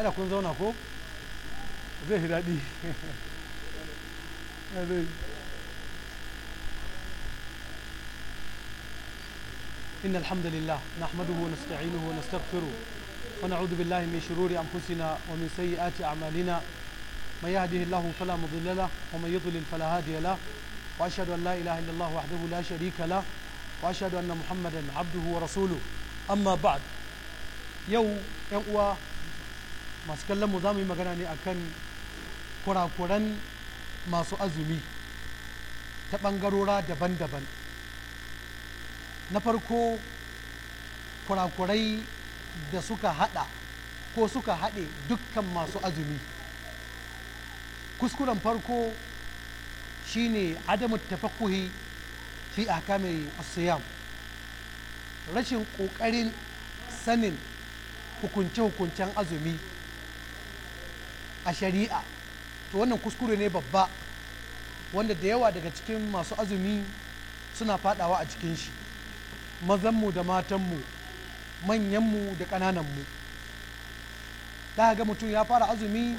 ana kun zauna ko zai daɗi إن الحمد لله نحمده ونستعينه ونستغفره ونعوذ بالله من شرور أنفسنا ومن سيئات أعمالنا من يهده الله فلا مضل له ومن يضلل فلا هادي له وأشهد أن لا إله إلا الله وحده لا شريك له وأشهد أن محمدا عبده ورسوله أما بعد يو ينقوى masu kallon mu za mu yi magana ne akan kurakuran masu azumi ta ɓangarora daban-daban na farko kurakurai da suka haɗa ko suka haɗe dukkan masu azumi kuskuren farko shine adamu tafakuhi fi mai asiyam rashin ƙoƙarin sanin hukunce-hukuncen azumi a shari'a to wannan kuskure ne babba wanda da yawa daga cikin masu azumi suna fadawa a cikin shi mazanmu da matanmu manyanmu da ƙanananmu da ga mutum ya fara azumi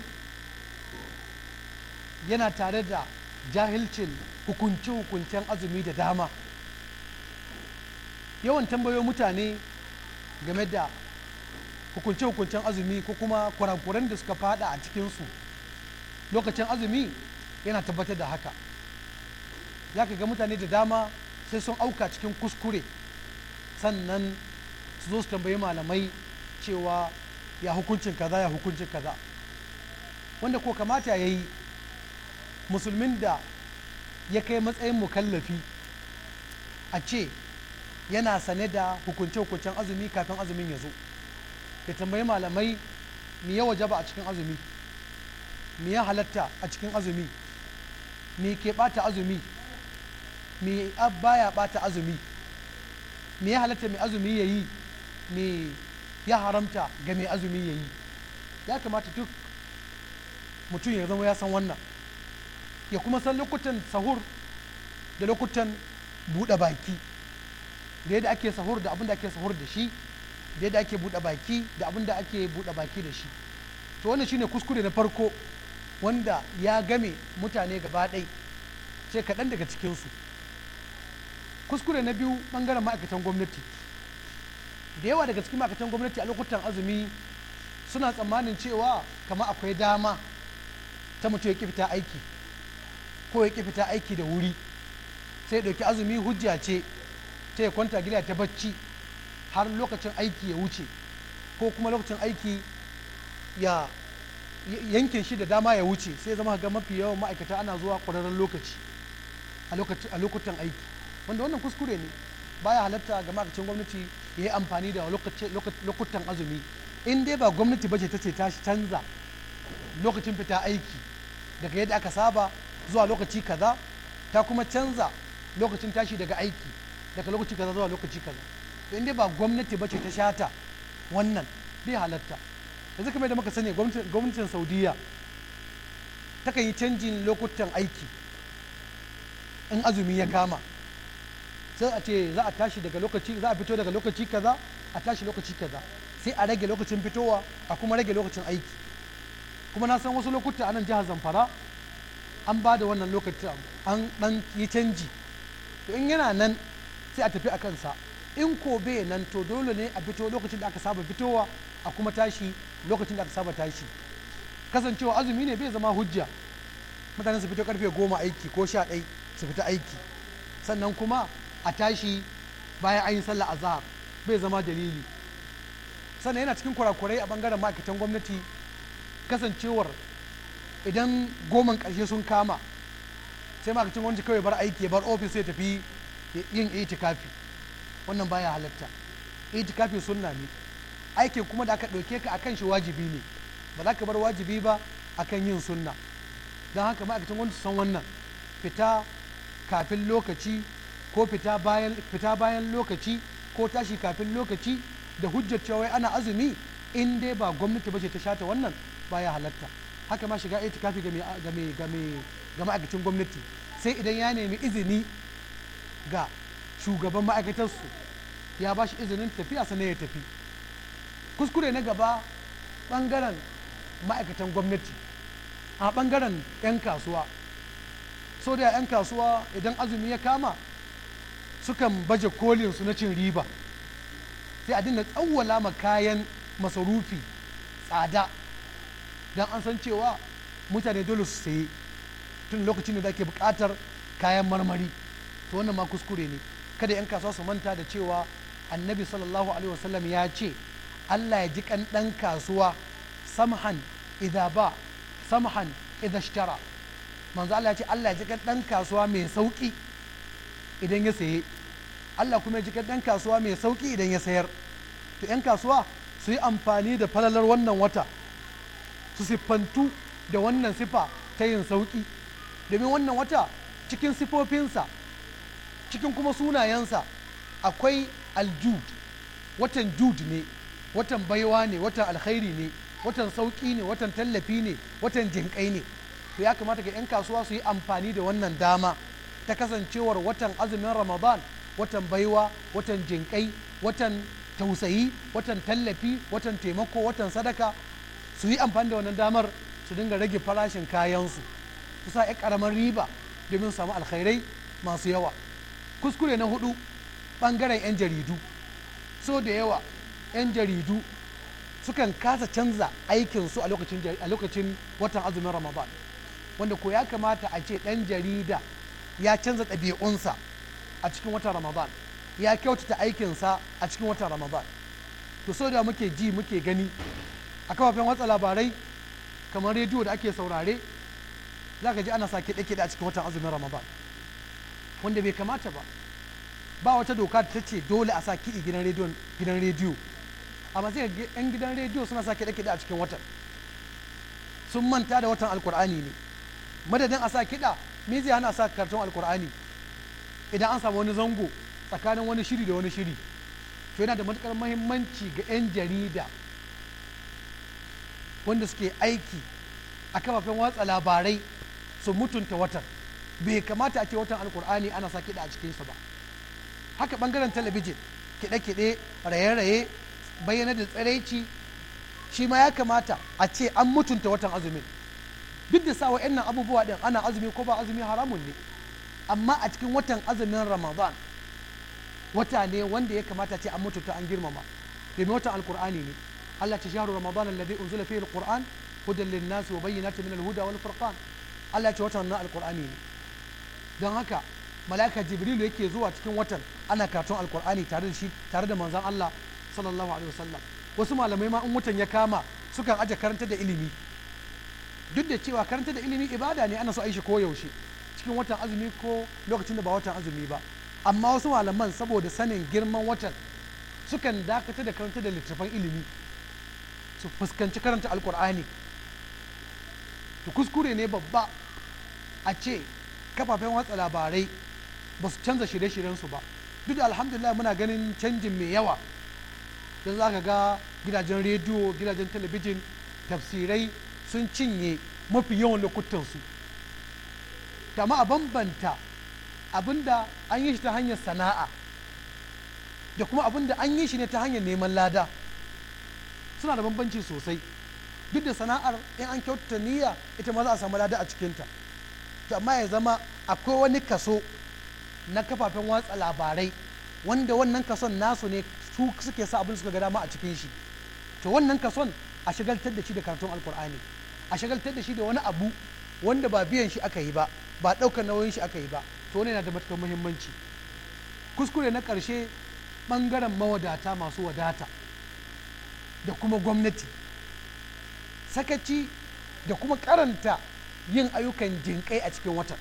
yana tare da jahilcin hukunce-hukuncen azumi da dama yawan tambayo mutane game da hukunce-hukuncen azumi ko kuma kurakuran da suka fada a cikinsu lokacin azumi yana tabbatar da haka ya ga mutane da dama sai sun auka cikin kuskure sannan su zo su tambayi malamai cewa ya hukuncin kaza ya hukuncin kaza wanda ko kamata ya yi musulmin da ya kai matsayin mukallafi a ce yana sane da hukunce-hukuncen azumi kafin azumin ya zo ya tambayi malamai me ya wajaba a cikin azumi me ya halatta a cikin azumi me ke bata azumi me baya bata azumi me ya halatta mai azumi ya yi me ya haramta ga mai azumi ya yi ya kamata duk mutum ya zama ya san wannan ya kuma san lokutan sahur da lokutan buɗe baki da yadda ake sahur da abin da ake sahur da shi da yadda ake buɗe baki da abin da ake buɗe baki da shi to wannan shine kuskure na farko wanda ya game mutane gaba ɗai sai kaɗan daga cikinsu kuskure na biyu ɓangaren ma'aikatan gwamnati da yawa daga cikin ma'aikatan gwamnati a lokutan azumi suna tsammanin cewa kamar akwai dama ta mutum ya fita aiki ko ya fita aiki da wuri sai ya ɗauki azumi hujja ce ta ya kwanta gida ta bacci har lokacin aiki ya wuce ko kuma lokacin aiki ya yanke shi da dama ya wuce sai zama ga mafi yawan ma'aikata ana zuwa ƙwararren lokaci a lokutan aiki wanda wannan kuskure ne baya halatta ga ma'aikacin gwamnati ya yi amfani da lokutan azumi in dai ba gwamnati ba ce ta ce ta canza lokacin fita aiki daga yadda aka saba zuwa lokaci kaza ta kuma canza lokacin tashi daga aiki daga lokaci kaza zuwa lokaci kaza in dai ba gwamnati ba ce ta shata wannan bai halatta yanzu kamar da muka sani gwamnatin saudiya takan yi canjin lokutan aiki in azumi ya kama sai a ce za a tashi daga lokaci za a fito daga lokaci kaza a tashi lokaci kaza sai a rage lokacin fitowa a kuma rage lokacin aiki kuma na san wasu lokuta a nan jihar zamfara an ba da wannan lokacin an dan yi canji to in yana nan sai a tafi a kansa in ko bai nan to dole ne a fito lokacin da aka saba fitowa a kuma tashi lokacin da aka saba tashi kasancewa azumi ne bai zama hujja mutane su fito karfe goma aiki ko sha ɗai su fita aiki sannan kuma a tashi bayan an yi sallah azhar bai zama dalili sannan yana cikin kurakurai a bangaren ma'aikatan gwamnati kasancewar idan goman ƙarshe sun kama sai ma'aikacin gwamnati kawai bar aiki ya bar ofis sai tafi yin itikafi wannan baya halatta itikafi sunna ne aikin kuma da aka ɗauke ka akan shi wajibi ne ba za ka bar wajibi ba akan yin sunna don haka ma'aikacin wani san wannan fita kafin lokaci ko fita bayan lokaci ko tashi kafin lokaci da hujjar cewa ana azumi in dai ba gwamnati ba bace ta shata wannan baya halatta haka ma shiga itikafi ga ma'aikacin gwamnati sai idan ya nemi izini ga shugaban ma'aikatarsu ya ba shi izinin tafiya sannan ya tafi kuskure na gaba ɓangaren ma'aikatan gwamnati a ɓangaren 'yan kasuwa so da 'yan kasuwa idan azumi ya kama sukan baje kolin su na cin riba sai a dinna tsawwala ma kayan masarufi tsada don an san cewa mutane dole su saye tun lokacin da ake buƙatar kayan marmari to wannan ma kuskure ne kada 'yan kasuwa su manta da cewa annabi sallallahu alaihi wasallam ya ce allah ya ji kan ɗan kasuwa samhan idha ba samhan idha ishtara manzo allah ya ce allah ya ji kan ɗan kasuwa mai sauki idan ya saye allah kuma ya ji kan ɗan kasuwa mai sauki idan ya sayar to 'yan kasuwa su yi amfani da falalar wannan wata su siffantu da wannan sifa ta yin sauki domin wannan wata cikin sifofinsa cikin kuma sunayensa akwai aljud watan jud ne watan baiwa ne watan alkhairi ne watan sauki ne watan tallafi ne watan jinkai ne to ya kamata ga 'yan kasuwa su yi amfani da wannan dama ta kasancewar watan azumin ramadan watan baiwa watan jinkai watan tausayi watan tallafi watan taimako watan sadaka su yi amfani da wannan damar su dinga rage farashin kayansu su sa 'yan karamin riba domin samu alkhairai masu yawa kuskure na hudu bangaren 'yan jaridu so da yawa 'yan jaridu sukan kasa canza aikinsu a lokacin watan azumin ramadan wanda ko ya kamata a ce ɗan jarida ya canza ɗabi'unsa a cikin watan ramadan ya kyautata aikinsa a cikin watan ramadan to so da muke ji muke gani a kafafen watsa labarai kamar rediyo da ake saurare za ka ji ana sa kiɗe-kiɗe a cikin watan azumin ramadan wanda bai kamata ba ba wata doka ta ce dole a sa kiɗi gidan rediyo amma sai yan gidan rediyo suna sa kiɗa kiɗa a cikin watan sun manta da watan alkur'ani ne madadin a sa kiɗa me zai hana sa karton alkur'ani idan an samu wani zango tsakanin wani shiri da wani shiri to yana da matukar mahimmanci ga 'yan jarida wanda suke aiki a kafafen watsa labarai su mutunta watan bai kamata a ce watan alkur'ani ana sa kiɗa a cikinsa ba haka bangaren talabijin kiɗe-kiɗe raye-raye bayyana da tsiraici shi ma ya kamata a ce an mutunta watan azumin duk da sawa yan abubuwa din ana azumi ko ba azumi haramun ne amma a cikin watan azumin ramadan wata ne wanda ya kamata ce an mutunta an girmama domin watan alkur'ani ne Allah ce shahru ramadan alladhi unzila fihi alquran hudan lin-nas wa bayyinatin min al wal furqan Allah ce watan na alkur'ani ne don haka mala'ika jibrilu yake zuwa cikin watan ana katon alkur'ani tare da shi tare da manzan Allah sallallahu alaihi wasallam wasu malamai ma in watan ya kama sukan aje karanta da ilimi duk da cewa karanta da ilimi ibada ne ana so a shi yaushe cikin watan azumi ko lokacin da ba watan azumi ba amma wasu malaman saboda sanin girman watan sukan dakata da karanta da littattafan ilimi su fuskanci karanta alkur'ani to kuskure ne babba a ce kafafen watsa labarai ba su canza shirye shiryen su ba duk da alhamdulillah muna ganin canjin mai yawa yanzu za ka ga gidajen rediyo gidajen talabijin tafsirai sun cinye mafi yawan lokutansu tama a bambanta abinda an yi shi ta hanyar sana'a da kuma abinda an yi shi ne ta hanyar neman lada suna da bambanci sosai duk da sana'ar in an kyauta niyya ita ma za a samu lada a cikinta to amma ya zama akwai wani kaso na kafafen watsa labarai wanda wannan kason nasu ne su suke sa abin suka ga dama a cikin shi to wannan kason a shagaltar da shi da karatun alkur'ani a shagaltar da shi da wani abu wanda ba biyan shi aka yi ba ba ɗaukar nauyin shi aka yi ba to wani yana da matukar muhimmanci kuskure na ƙarshe ɓangaren mawadata masu wadata da kuma gwamnati sakaci da kuma karanta yin ayyukan jinƙai a cikin watan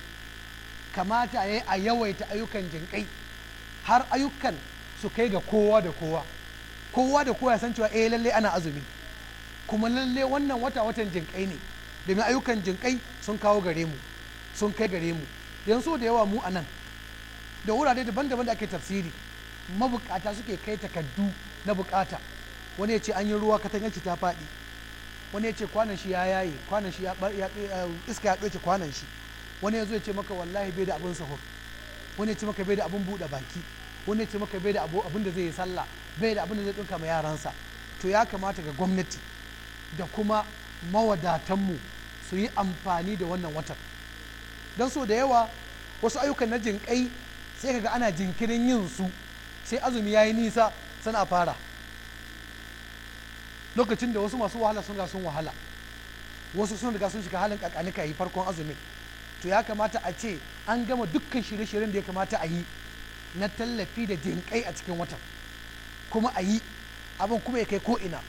kamata ya a yawaita ayyukan jinƙai har ayyukan su kai ga kowa da kowa kowa da kowa ya san cewa eh lalle ana azumi kuma lalle wannan wata watan jinƙai ne domin ayyukan jinƙai sun kawo gare mu sun kai gare mu yanzu da yawa mu a nan da wurare daban-daban da ake tafsiri mabukata suke kai takaddu na bukata wani ya ce an yi ruwa katangaci ta faɗi wani ya ce kwanan shi ya yaye kwanan shi iska ya doke kwanan shi wani ya zo ya ce maka wallahi bai da abin sahur wani ya ce maka bai da abin bude baki wani ya ce maka bai da abin da zai yi sallah bai da abin da zai dinka ma yaransa to ya kamata ga gwamnati da kuma mawadatanmu su yi amfani da wannan watan don so da yawa wasu ayyukan na jinkai sai kaga ana jinkirin yin su sai azumi ya yi nisa sana fara lokacin da wasu masu wahala sun sun wahala wasu sun riga sun shiga halin kakanika yi farkon azumi to ya kamata a ce an gama dukkan shirye-shiryen da ya kamata a yi na tallafi da jinkai a cikin watan kuma a yi abin kuma ya kai ko ina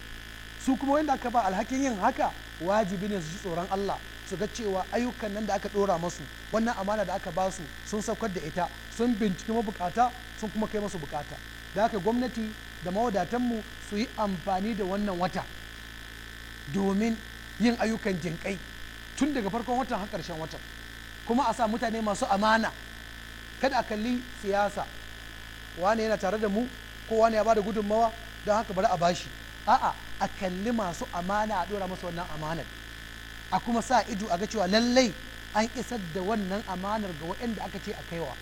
su kuma wanda aka ba alhakin yin haka wajibi ne su ji tsoron Allah su ga cewa ayyukan nan da aka dora masu wannan amana da aka ba su sun saukar da ita sun binciki mabukata sun kuma kai masu bukata da haka gwamnati da mawadatanmu su yi amfani da wannan wata domin yin ayyukan jinƙai tun daga farkon watan har ƙarshen watan kuma a sa mutane masu amana kada a kalli siyasa wani yana tare da mu ko wani ya bada gudunmawa don haka bari a bashi a'a a kalli masu amana a ɗora masa wannan amanar a kuma sa ido a ga cewa lallai an isar da wannan amanar ga waɗanda aka ce a kaiwa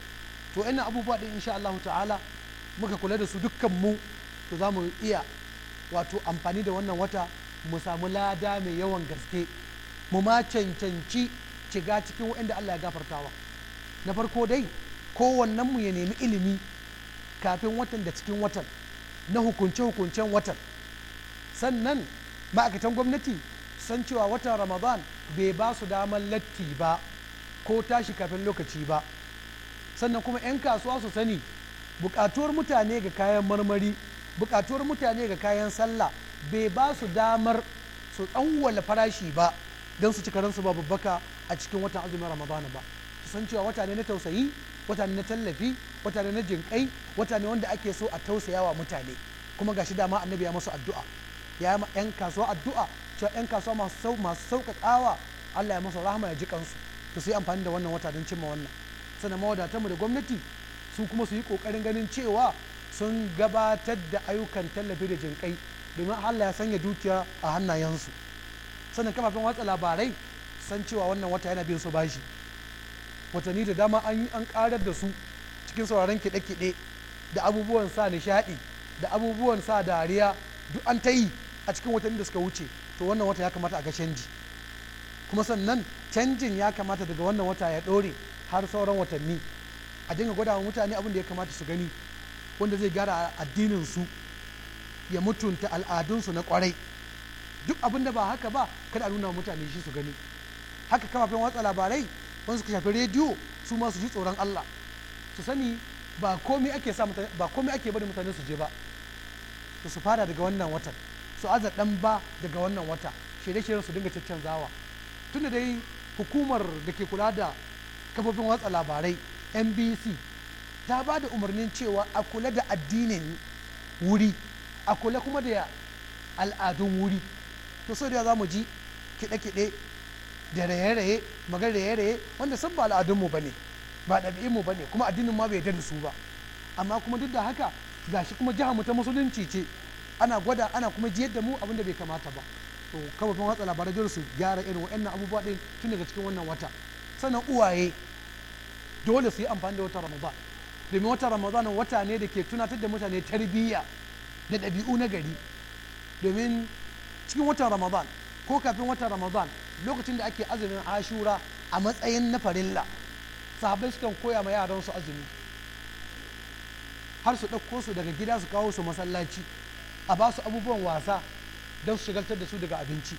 to ina abubuwa ɗin insha allahu ta'ala muka kula da su dukkan mu to za mu iya wato amfani da wannan wata mu samu lada mai yawan gaske mu ma cancanci shiga cikin waɗanda Allah ya gafartawa na farko dai kowannen mu ya nemi ilimi kafin watan da cikin watan na hukunce-hukuncen watan sannan ma'aikatan gwamnati san cewa watan ramadan bai ba su damar latti ba ko tashi kafin lokaci ba sannan kuma 'yan kasuwa su sani bukatuwar mutane ga kayan marmari bukatuwar mutane ga kayan sallah bai ba su damar su tsawwala farashi ba don su ci karansu ba babbaka a cikin watan azumin ramadana ba su san cewa wata ne na tausayi wata ne na tallafi wata ne na jinƙai wata ne wanda ake so a tausaya wa mutane kuma gashi dama annabi ya masu addu'a ya yi yan kasuwa addu'a cewa yan kasuwa masu sauƙaƙawa Allah ya masa rahama ya ji kansu to sai amfani da wannan wata don cimma wannan sannan mawadatanmu da gwamnati su kuma su yi ƙoƙarin ganin cewa sun gabatar da ayyukan tallafi da jinkai domin Allah ya sanya dukiya a hannayensu sannan kafafen watsa labarai san cewa wannan wata yana bin su bashi watanni da dama an yi an karar da su cikin sauraron kiɗe-kiɗe da abubuwan sa nishaɗi da abubuwan sa dariya duk an ta yi a cikin watanni da suka wuce to wannan wata ya kamata a ga canji kuma sannan canjin ya kamata daga wannan wata ya ɗore har sauran watanni a dinga gwada wa mutane abin da ya kamata su gani wanda zai gyara addinin su ya mutunta al'adunsu na kwarai duk abin da ba haka ba kada a nuna wa mutane shi su gani haka kafafen watsa labarai wanda suka shafi rediyo su ma su ji tsoron Allah su sani ba komai ake bari mutane su je ba su su fara daga wannan watan su aza dan ba daga wannan wata shirye-shiryen su dinga caccanzawa tunda dai hukumar da ke kula da kafofin watsa labarai nbc ta ba da umarnin cewa a kula da addinin wuri a kula kuma da al'adun wuri to sau da za mu ji kiɗe-kiɗe da raye-raye magan raye-raye wanda san ba al'adunmu ba ne ba ɗabi'inmu ba ne kuma addinin ma bai da su ba amma kuma duk da haka gashi kuma jihar mu ta musulunci ce ana gwada ana kuma ji yadda mu abin da bai kamata ba to kafofin watsa labarai su gyara irin wa'annan abubuwa ɗin tun daga cikin wannan wata sannan uwaye dole su yi amfani da wata ramadan domin wata ramadan wata ne da ke tunatar da mutane tarbiyya da ɗabi'u na gari domin cikin watan ramadan ko kafin watan ramadan lokacin da ake azumin ashura a matsayin na farilla sahabai sukan koya ma yaran su azumi har su ɗauko su daga gida su kawo su masallaci a ba su abubuwan wasa don su shigaltar da su daga abinci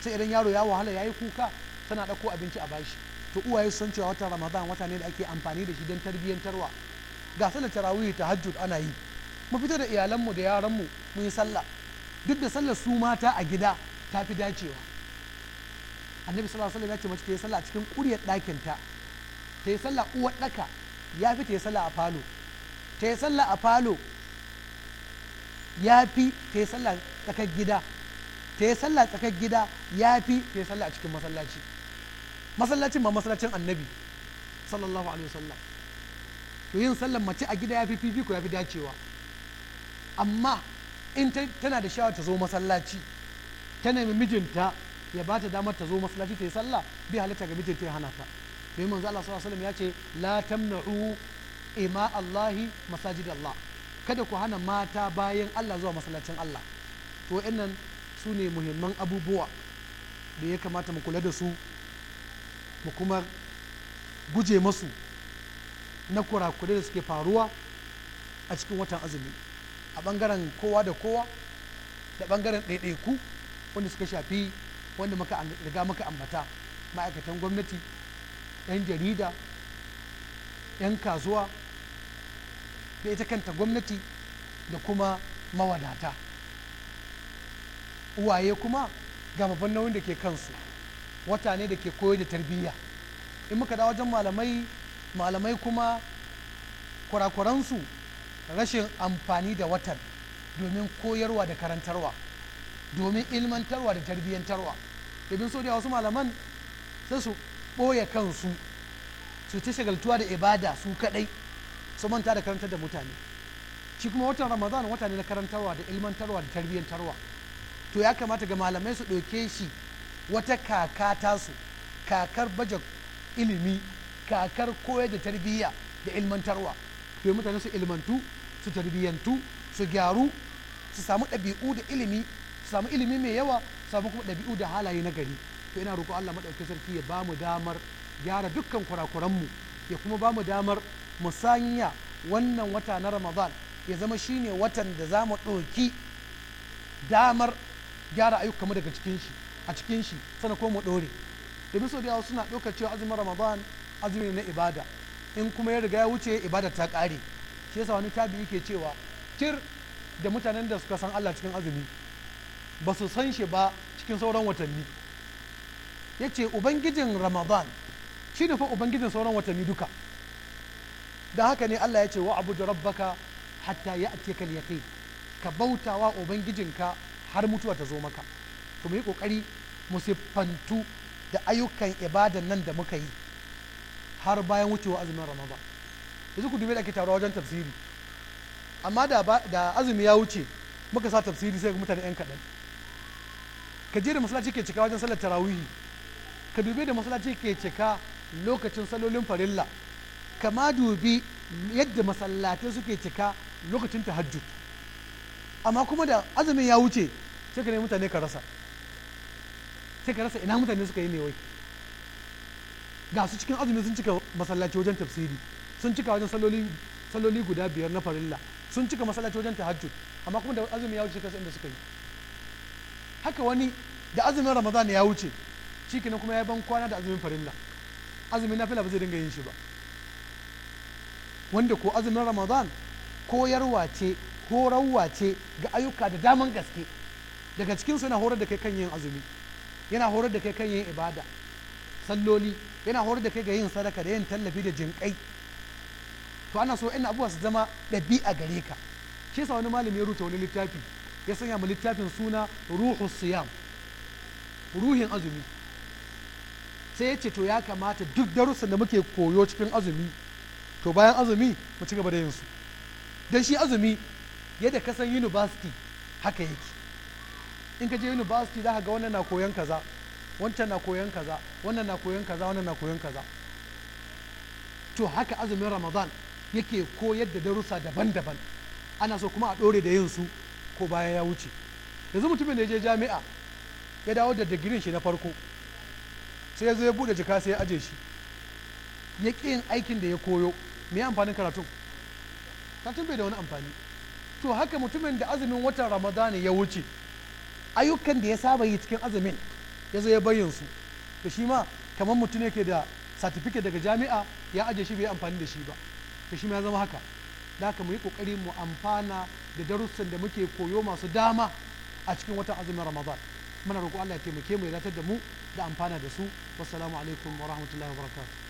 sai idan yaro ya wahala ya yi kuka tana ɗauko abinci a bashi to uwaye sun cewa watan ramadan wata ne da ake amfani da shi don tarbiyyantarwa ga sallar tarawih hajjud ana yi mu fita da iyalanmu da yaranmu mu yi sallah duk da sallar su mata a gida ta fi dacewa annabi sallallahu alaihi wasallam ya ce mace ta yi sallah a cikin kuryar ɗakin ta ta yi sallah uwa ɗaka ya fi ta yi sallah a falo ta yi sallah a falo ya fi ta yi sallah tsakar gida ta yi sallah tsakar gida ya fi ta yi sallah a cikin masallaci masallacin ma masallacin annabi sallallahu alaihi wasallam to yin sallan mace a gida ya fi fifiko ya fi dacewa amma in tana da shawar ta zo masallaci ta nemi mijinta ya ba ta damar ta zo masallaci ta yi sallah bi halitta ga mijinta ya hana ta domin manzo Allah sallallahu alaihi ya ce la tamna'u ima Allahi masajid Allah kada ku hana mata bayan Allah zuwa masallacin Allah to wa'annan su ne muhimman abubuwa da ya kamata mu kula da su mu kuma guje masu na kurakurai da suke faruwa a cikin watan azumi a ɓangaren kowa da kowa da ɓangaren ɗaiɗaiku wanda suka shafi wanda maka riga muka ambata ma'aikatan gwamnati 'yan jarida 'yan kasuwa da ita kanta gwamnati da kuma mawadata uwaye kuma ga babban nauyin da ke kansu wata ne da ke koyar da tarbiyya in muka da wajen malamai malamai kuma kurakuransu rashin amfani da watan domin koyarwa da karantarwa domin ilmantarwa da tarbiyyantarwa domin so wasu malaman sai su ɓoye kansu su ci shagaltuwa da ibada su kaɗai su manta da karantar da mutane shi kuma watan ramadan wata ne na karantarwa da ilmantarwa da tarbiyyantarwa to ya kamata ga malamai su ɗauke shi wata kaka tasu kakar baje ilimi kakar koyar da tarbiyya da ilmantarwa domin mutane su ilmantu su tarbiyyantu su gyaru su samu ɗabi'u da ilimi su samu ilimi mai yawa su samu kuma ɗabi'u da halaye na gari to ina roƙo Allah madaukakin sarki ya ba mu damar gyara dukkan kurakuranmu ya kuma ba mu damar mu sanya wannan wata na Ramadan ya zama shine watan da za mu ɗauki damar gyara ayyukanmu daga cikin shi a cikin shi sana ko mu ɗore domin sau da yawa suna ɗaukar cewa azumin ramadan azumi na ibada in kuma ya riga ya wuce ibada ta ƙare shi yasa wani tabi yake cewa kir da mutanen da suka san Allah cikin azumi ba su san shi ba cikin sauran watanni ya ce ubangijin ramadan shi ne fa ubangijin sauran watanni duka da haka ne Allah ya ce wa abu da rabbaka hatta ya ake ka bauta wa ubangijinka har mutuwa ta zo maka to mu yi kokari mu siffantu da ayyukan ibadan nan da muka yi har bayan wucewa azumin ramadan yanzu ku dubi da ake taruwa wajen tafsiri amma da azumi ya wuce muka sa tafsiri sai ga mutane yan kaɗan ka je da masallaci ke cika wajen sallar tarawihi ka dubi da masallaci ke cika lokacin salolin farilla kama dubi yadda masallatai suke cika lokacin tahajjud amma kuma da azumin ya wuce sai ka ne mutane ka rasa sai ka rasa ina mutane suka yi ne wai ga su cikin azumi sun cika masallaci wajen tafsiri sun cika wajen saloli guda biyar na farilla sun cika masallaci wajen tahajjud amma kuma da azumi ya wuce kasu inda suka yi haka wani da azumin ramadan ya wuce cikin kuma ya ban kwana da azumin farilla azumin nafila ba zai dinga yin shi ba wanda ko azumin ramadan koyarwa ce horarwa ce ga ayyuka da daman gaske daga cikin suna horar da kai kan yin azumi yana horar da kai kan yin ibada salloli yana horar da kai ga yin sadaka da yin tallafi da jinƙai to ana so ina abubuwa su zama ɗabi'a gare ka shi yasa wani malami ya rubuta wani littafi ya sanya mu littafin suna ruhu siyam ruhin azumi sai ya ce to ya kamata duk darussan da muke koyo cikin azumi to bayan azumi mu ci gaba da yin su dan shi azumi yadda ka san university haka yake in ka je university za ka ga wannan na koyon kaza wancan na koyon kaza wannan na koyon kaza wannan na koyon kaza to haka azumin ramadan yake koyar da darussa daban-daban ana so kuma a ɗore da yin su ko baya ya wuce yanzu mutumin da ya je jami'a ya dawo da digirin shi na farko sai ya zo ya buɗe jaka sai ya aje shi ya ƙi yin aikin da ya koyo me amfanin karatun karatun bai da wani amfani to haka mutumin da azumin watan ramadan ya wuce ayyukan da ya saba yi cikin azumin ya zo ya bayyan su da shi ma kamar mutum yake da satifiket daga jami'a ya aje shi bai amfani da shi ba da shi ma ya zama haka da haka mu yi kokari mu amfana da darussan da muke koyo masu dama a cikin watan azumin ramadan muna roƙo Allah ya taimake mu ya zatar da mu da amfana da su wassalamu alaikum wa rahmatullahi wa barakatuh